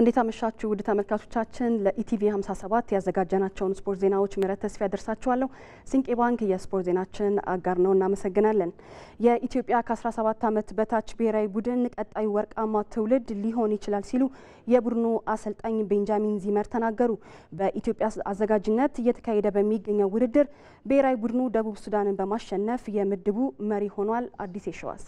እንዴት አመሻችሁ ውድ ተመልካቾቻችን። ለኢቲቪ 57 ያዘጋጀናቸውን ስፖርት ዜናዎች ምህረት ተስፋ ያደርሳችኋለሁ። ሲንቄ ባንክ የስፖርት ዜናችን አጋር ነው፣ እናመሰግናለን። የኢትዮጵያ ከ17 ዓመት በታች ብሔራዊ ቡድን ቀጣዩ ወርቃማ ትውልድ ሊሆን ይችላል ሲሉ የቡድኑ አሰልጣኝ ቤንጃሚን ዚመር ተናገሩ። በኢትዮጵያ አዘጋጅነት እየተካሄደ በሚገኘው ውድድር ብሔራዊ ቡድኑ ደቡብ ሱዳንን በማሸነፍ የምድቡ መሪ ሆኗል። አዲስ የሸዋስ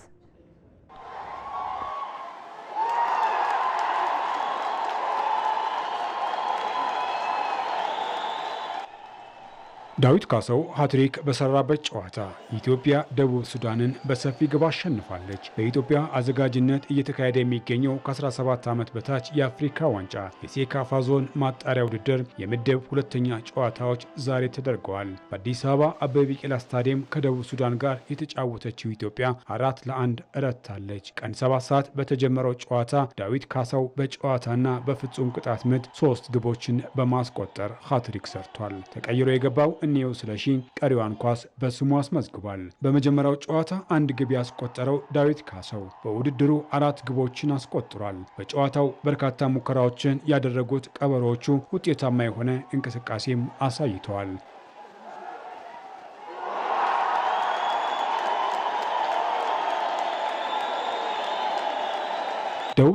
ዳዊት ካሳው ሀትሪክ በሰራበት ጨዋታ ኢትዮጵያ ደቡብ ሱዳንን በሰፊ ግብ አሸንፋለች። በኢትዮጵያ አዘጋጅነት እየተካሄደ የሚገኘው ከ17 ዓመት በታች የአፍሪካ ዋንጫ የሴካፋ ዞን ማጣሪያ ውድድር የምድብ ሁለተኛ ጨዋታዎች ዛሬ ተደርገዋል። በአዲስ አበባ አበበ ቢቂላ ስታዲየም ከደቡብ ሱዳን ጋር የተጫወተችው ኢትዮጵያ አራት ለአንድ ረታለች። ቀን 7 ሰዓት በተጀመረው ጨዋታ ዳዊት ካሳው በጨዋታና በፍጹም ቅጣት ምት ሶስት ግቦችን በማስቆጠር ሀትሪክ ሰርቷል። ተቀይሮ የገባው እኔው ስለሺ ቀሪዋን ኳስ በስሙ አስመዝግቧል። በመጀመሪያው ጨዋታ አንድ ግብ ያስቆጠረው ዳዊት ካሰው በውድድሩ አራት ግቦችን አስቆጥሯል። በጨዋታው በርካታ ሙከራዎችን ያደረጉት ቀበሮዎቹ ውጤታማ የሆነ እንቅስቃሴም አሳይተዋል።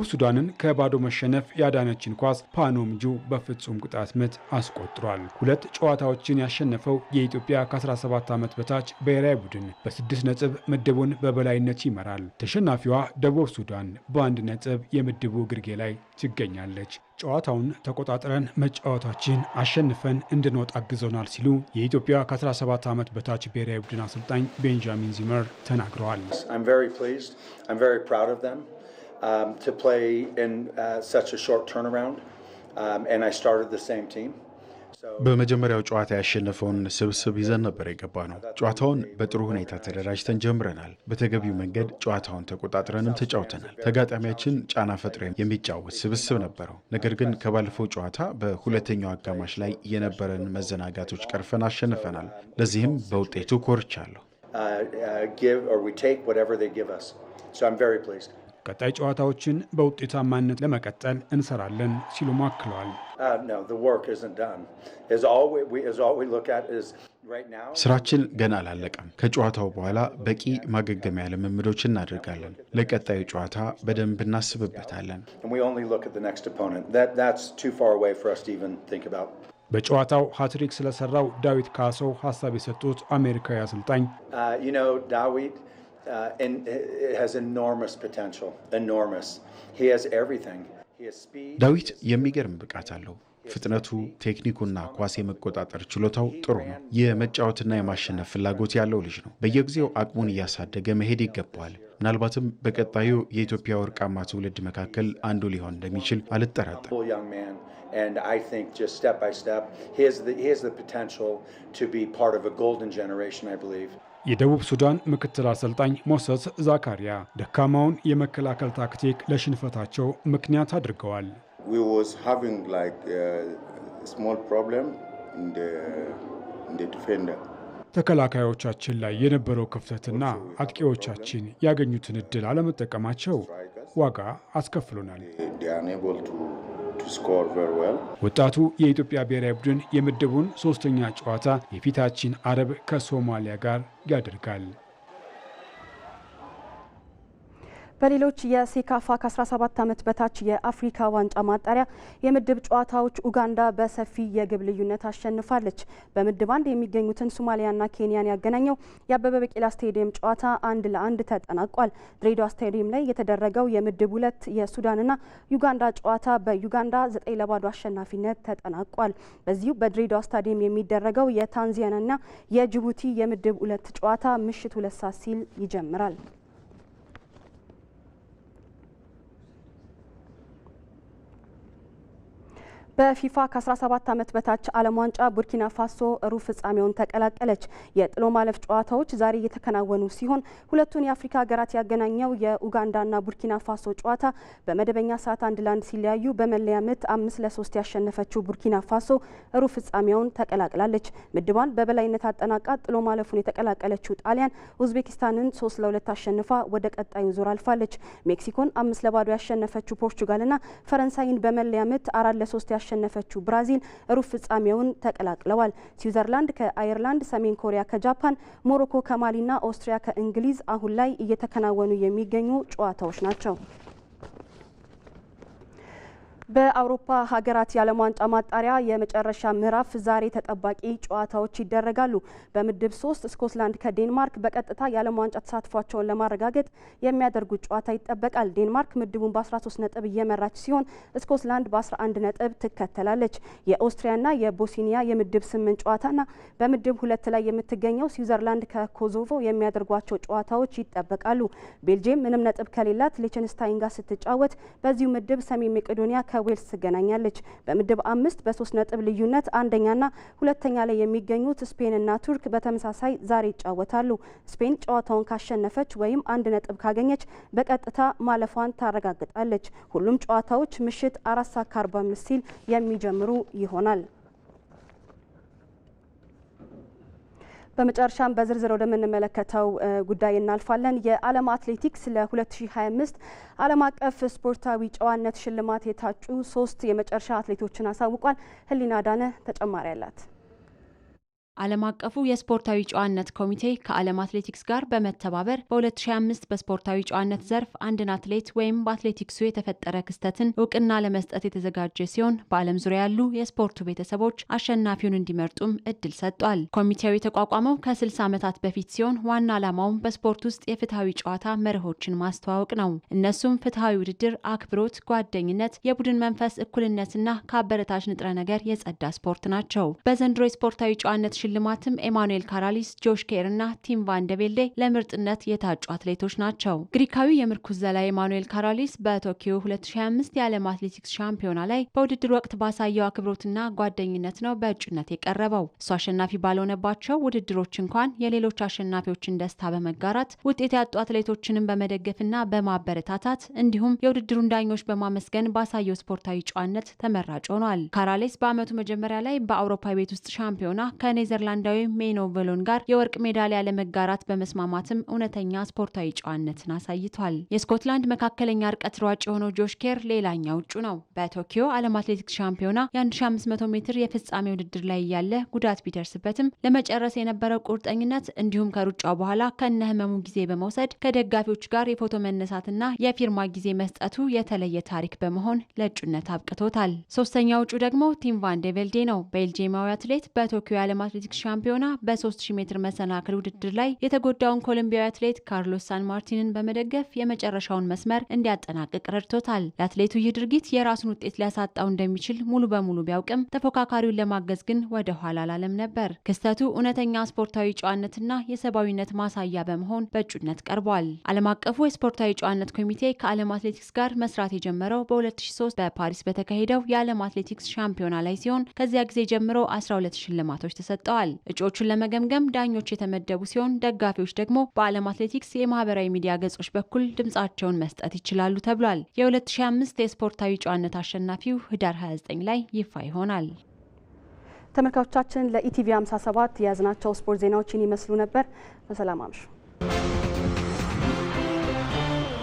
ደቡብ ሱዳንን ከባዶ መሸነፍ ያዳነችን ኳስ ፓኖምጁ በፍጹም ቅጣት ምት አስቆጥሯል። ሁለት ጨዋታዎችን ያሸነፈው የኢትዮጵያ ከ17 ዓመት በታች ብሔራዊ ቡድን በስድስት ነጥብ ምድቡን በበላይነት ይመራል። ተሸናፊዋ ደቡብ ሱዳን በአንድ ነጥብ የምድቡ ግርጌ ላይ ትገኛለች። ጨዋታውን ተቆጣጥረን መጫወታችን አሸንፈን እንድንወጣ አግዞናል ሲሉ የኢትዮጵያ ከ17 ዓመት በታች ብሔራዊ ቡድን አሰልጣኝ ቤንጃሚን ዚመር ተናግረዋል። um, to play in uh, such a short turnaround, um, and I started the same team. በመጀመሪያው ጨዋታ ያሸነፈውን ስብስብ ይዘን ነበር የገባ ነው። ጨዋታውን በጥሩ ሁኔታ ተደራጅተን ጀምረናል። በተገቢው መንገድ ጨዋታውን ተቆጣጥረንም ተጫውተናል። ተጋጣሚያችን ጫና ፈጥሮ የሚጫወት ስብስብ ነበረው። ነገር ግን ከባለፈው ጨዋታ በሁለተኛው አጋማሽ ላይ የነበረን መዘናጋቶች ቀርፈን አሸንፈናል። ለዚህም በውጤቱ ኮርቻለሁ። uh, uh, ቀጣይ ጨዋታዎችን በውጤታማነት ለመቀጠል እንሰራለን ሲሉ አክለዋል። uh, ስራችን ገና አላለቀም። ከጨዋታው በኋላ በቂ ማገገሚያ ልምምዶች እናደርጋለን። ለቀጣዩ ጨዋታ በደንብ እናስብበታለን። በጨዋታው ሃትሪክ ስለሰራው ዳዊት ካሶው ሀሳብ የሰጡት አሜሪካዊ አሰልጣኝ uh, uh, and it has enormous potential, enormous. He has everything. He has speed. ዳዊት የሚገርም ብቃት አለው። ፍጥነቱ፣ ቴክኒኩና ኳስ የመቆጣጠር ችሎታው ጥሩ ነው። የመጫወትና የማሸነፍ ፍላጎት ያለው ልጅ ነው። በየጊዜው አቅሙን እያሳደገ መሄድ ይገባዋል። ምናልባትም በቀጣዩ የኢትዮጵያ ወርቃማ ትውልድ መካከል አንዱ ሊሆን እንደሚችል አልጠራጠርም። የደቡብ ሱዳን ምክትል አሰልጣኝ ሞሰስ ዛካሪያ ደካማውን የመከላከል ታክቲክ ለሽንፈታቸው ምክንያት አድርገዋል። ተከላካዮቻችን ላይ የነበረው ክፍተትና አጥቂዎቻችን ያገኙትን እድል አለመጠቀማቸው ዋጋ አስከፍሎናል። ወጣቱ የኢትዮጵያ ብሔራዊ ቡድን የምድቡን ሶስተኛ ጨዋታ የፊታችን አረብ ከሶማሊያ ጋር ያደርጋል። በሌሎች የሴካፋ ከ17 ዓመት በታች የአፍሪካ ዋንጫ ማጣሪያ የምድብ ጨዋታዎች ኡጋንዳ በሰፊ የግብ ልዩነት አሸንፋለች። በምድብ አንድ የሚገኙትን ሶማሊያና ኬንያን ያገናኘው የአበበ ቢቂላ ስቴዲየም ጨዋታ አንድ ለአንድ ተጠናቋል። ድሬዳዋ ስቴዲየም ላይ የተደረገው የምድብ ሁለት የሱዳንና ዩጋንዳ ጨዋታ በዩጋንዳ 9 ለባዶ አሸናፊነት ተጠናቋል። በዚሁ በድሬዳዋ ስታዲየም የሚደረገው የታንዛኒያና የጅቡቲ የምድብ ሁለት ጨዋታ ምሽት ሁለት ሰዓት ሲል ይጀምራል። በፊፋ ከ17 ዓመት በታች ዓለም ዋንጫ ቡርኪና ፋሶ ሩብ ፍጻሜውን ተቀላቀለች። የጥሎ ማለፍ ጨዋታዎች ዛሬ እየተከናወኑ ሲሆን ሁለቱን የአፍሪካ ሀገራት ያገናኘው የኡጋንዳና ቡርኪና ፋሶ ጨዋታ በመደበኛ ሰዓት አንድ ለአንድ ሲለያዩ በመለያ ምት አምስት ለሶስት ያሸነፈችው ቡርኪና ፋሶ ሩብ ፍጻሜውን ተቀላቅላለች። ምድቧን በበላይነት አጠናቃ ጥሎ ማለፉን የተቀላቀለችው ጣሊያን ኡዝቤኪስታንን ሶስት ለሁለት አሸንፋ ወደ ቀጣዩ ዙር አልፋለች። ሜክሲኮን አምስት ለባዶ ያሸነፈችው ፖርቹጋልና ፈረንሳይን በመለያ ምት አራት ለሶስት ያሸነፈችው ብራዚል ሩብ ፍጻሜውን ተቀላቅለዋል። ስዊዘርላንድ ከአየርላንድ፣ ሰሜን ኮሪያ ከጃፓን፣ ሞሮኮ ከማሊና ኦስትሪያ ከእንግሊዝ አሁን ላይ እየተከናወኑ የሚገኙ ጨዋታዎች ናቸው። በአውሮፓ ሀገራት የዓለም ዋንጫ ማጣሪያ የመጨረሻ ምዕራፍ ዛሬ ተጠባቂ ጨዋታዎች ይደረጋሉ። በምድብ ሶስት ስኮትላንድ ከዴንማርክ በቀጥታ የዓለም ዋንጫ ተሳትፏቸውን ለማረጋገጥ የሚያደርጉት ጨዋታ ይጠበቃል። ዴንማርክ ምድቡን በ13 ነጥብ እየመራች ሲሆን ስኮትላንድ በ11 ነጥብ ትከተላለች። የኦስትሪያና የቦስኒያ የምድብ ስምንት ጨዋታና በምድብ ሁለት ላይ የምትገኘው ስዊዘርላንድ ከኮሶቮ የሚያደርጓቸው ጨዋታዎች ይጠበቃሉ። ቤልጅየም ምንም ነጥብ ከሌላት ሊችንስታይን ጋር ስትጫወት በዚሁ ምድብ ሰሜን መቄዶኒያ ከ ከዌልስ ትገናኛለች። በምድብ አምስት በሶስት ነጥብ ልዩነት አንደኛና ሁለተኛ ላይ የሚገኙት ስፔንና ቱርክ በተመሳሳይ ዛሬ ይጫወታሉ። ስፔን ጨዋታውን ካሸነፈች ወይም አንድ ነጥብ ካገኘች በቀጥታ ማለፏን ታረጋግጣለች። ሁሉም ጨዋታዎች ምሽት አራት ሰዓት ከአርባ አምስት ሲል የሚጀምሩ ይሆናል። በመጨረሻም በዝርዝር ወደምንመለከተው ጉዳይ እናልፋለን። የዓለም አትሌቲክስ ለ2025 ዓለም አቀፍ ስፖርታዊ ጨዋነት ሽልማት የታጩ ሶስት የመጨረሻ አትሌቶችን አሳውቋል። ህሊና ዳነ ተጨማሪ አላት። ዓለም አቀፉ የስፖርታዊ ጨዋነት ኮሚቴ ከዓለም አትሌቲክስ ጋር በመተባበር በ2025 በስፖርታዊ ጨዋነት ዘርፍ አንድን አትሌት ወይም በአትሌቲክሱ የተፈጠረ ክስተትን እውቅና ለመስጠት የተዘጋጀ ሲሆን በዓለም ዙሪያ ያሉ የስፖርቱ ቤተሰቦች አሸናፊውን እንዲመርጡም እድል ሰጥቷል። ኮሚቴው የተቋቋመው ከ60 ዓመታት በፊት ሲሆን ዋና ዓላማውም በስፖርት ውስጥ የፍትሐዊ ጨዋታ መርሆችን ማስተዋወቅ ነው። እነሱም ፍትሐዊ ውድድር፣ አክብሮት፣ ጓደኝነት፣ የቡድን መንፈስ፣ እኩልነትና ከአበረታች ንጥረ ነገር የጸዳ ስፖርት ናቸው። በዘንድሮ የስፖርታዊ ጨዋነት ሽልማትም ኤማኑኤል ካራሊስ፣ ጆሽ ኬር እና ቲም ቫንደቤልዴ ለምርጥነት የታጩ አትሌቶች ናቸው። ግሪካዊ የምርኩዝ ዘላ ኤማኑኤል ካራሊስ በቶኪዮ 2025 የዓለም አትሌቲክስ ሻምፒዮና ላይ በውድድር ወቅት ባሳየው አክብሮትና ጓደኝነት ነው በእጩነት የቀረበው። እሱ አሸናፊ ባልሆነባቸው ውድድሮች እንኳን የሌሎች አሸናፊዎችን ደስታ በመጋራት ውጤት ያጡ አትሌቶችንም በመደገፍና በማበረታታት እንዲሁም የውድድሩን ዳኞች በማመስገን ባሳየው ስፖርታዊ ጨዋነት ተመራጭ ሆኗል። ካራሌስ በዓመቱ መጀመሪያ ላይ በአውሮፓ ቤት ውስጥ ሻምፒዮና ከኔ ከኔዘርላንዳዊ ሜኖ ቬሎን ጋር የወርቅ ሜዳሊያ ለመጋራት በመስማማትም እውነተኛ ስፖርታዊ ጨዋነትን አሳይቷል። የስኮትላንድ መካከለኛ ርቀት ሯጭ የሆነው ጆሽ ኬር ሌላኛው እጩ ነው። በቶኪዮ ዓለም አትሌቲክስ ሻምፒዮና የ1500 ሜትር የፍጻሜ ውድድር ላይ እያለ ጉዳት ቢደርስበትም ለመጨረስ የነበረው ቁርጠኝነት እንዲሁም ከሩጫው በኋላ ከነ ህመሙ ጊዜ በመውሰድ ከደጋፊዎች ጋር የፎቶ መነሳትና የፊርማ ጊዜ መስጠቱ የተለየ ታሪክ በመሆን ለእጩነት አብቅቶታል። ሶስተኛው እጩ ደግሞ ቲም ቫን ዴ ነው። ቤልጂማዊ አትሌት በቶኪዮ የዓለም አትሌቲክስ አትሌቲክስ ሻምፒዮና በ3000 ሜትር መሰናክል ውድድር ላይ የተጎዳውን ኮሎምቢያዊ አትሌት ካርሎስ ሳን ማርቲንን በመደገፍ የመጨረሻውን መስመር እንዲያጠናቅቅ ረድቶታል። ለአትሌቱ ይህ ድርጊት የራሱን ውጤት ሊያሳጣው እንደሚችል ሙሉ በሙሉ ቢያውቅም ተፎካካሪውን ለማገዝ ግን ወደ ኋላ አላለም ነበር። ክስተቱ እውነተኛ ስፖርታዊ ጨዋነትና የሰብአዊነት ማሳያ በመሆን በእጩነት ቀርቧል። ዓለም አቀፉ የስፖርታዊ ጨዋነት ኮሚቴ ከዓለም አትሌቲክስ ጋር መስራት የጀመረው በ2003 በፓሪስ በተካሄደው የዓለም አትሌቲክስ ሻምፒዮና ላይ ሲሆን ከዚያ ጊዜ ጀምሮ 12 ሽልማቶች ተሰጠዋል። ገልጸዋል። እጩዎቹን ለመገምገም ዳኞች የተመደቡ ሲሆን ደጋፊዎች ደግሞ በዓለም አትሌቲክስ የማህበራዊ ሚዲያ ገጾች በኩል ድምጻቸውን መስጠት ይችላሉ ተብሏል። የ2005 የስፖርታዊ ጨዋነት አሸናፊው ህዳር 29 ላይ ይፋ ይሆናል። ተመልካቾቻችን ለኢቲቪ 57 የያዝናቸው ስፖርት ዜናዎች ይመስሉ ነበር። በሰላም አምሹ።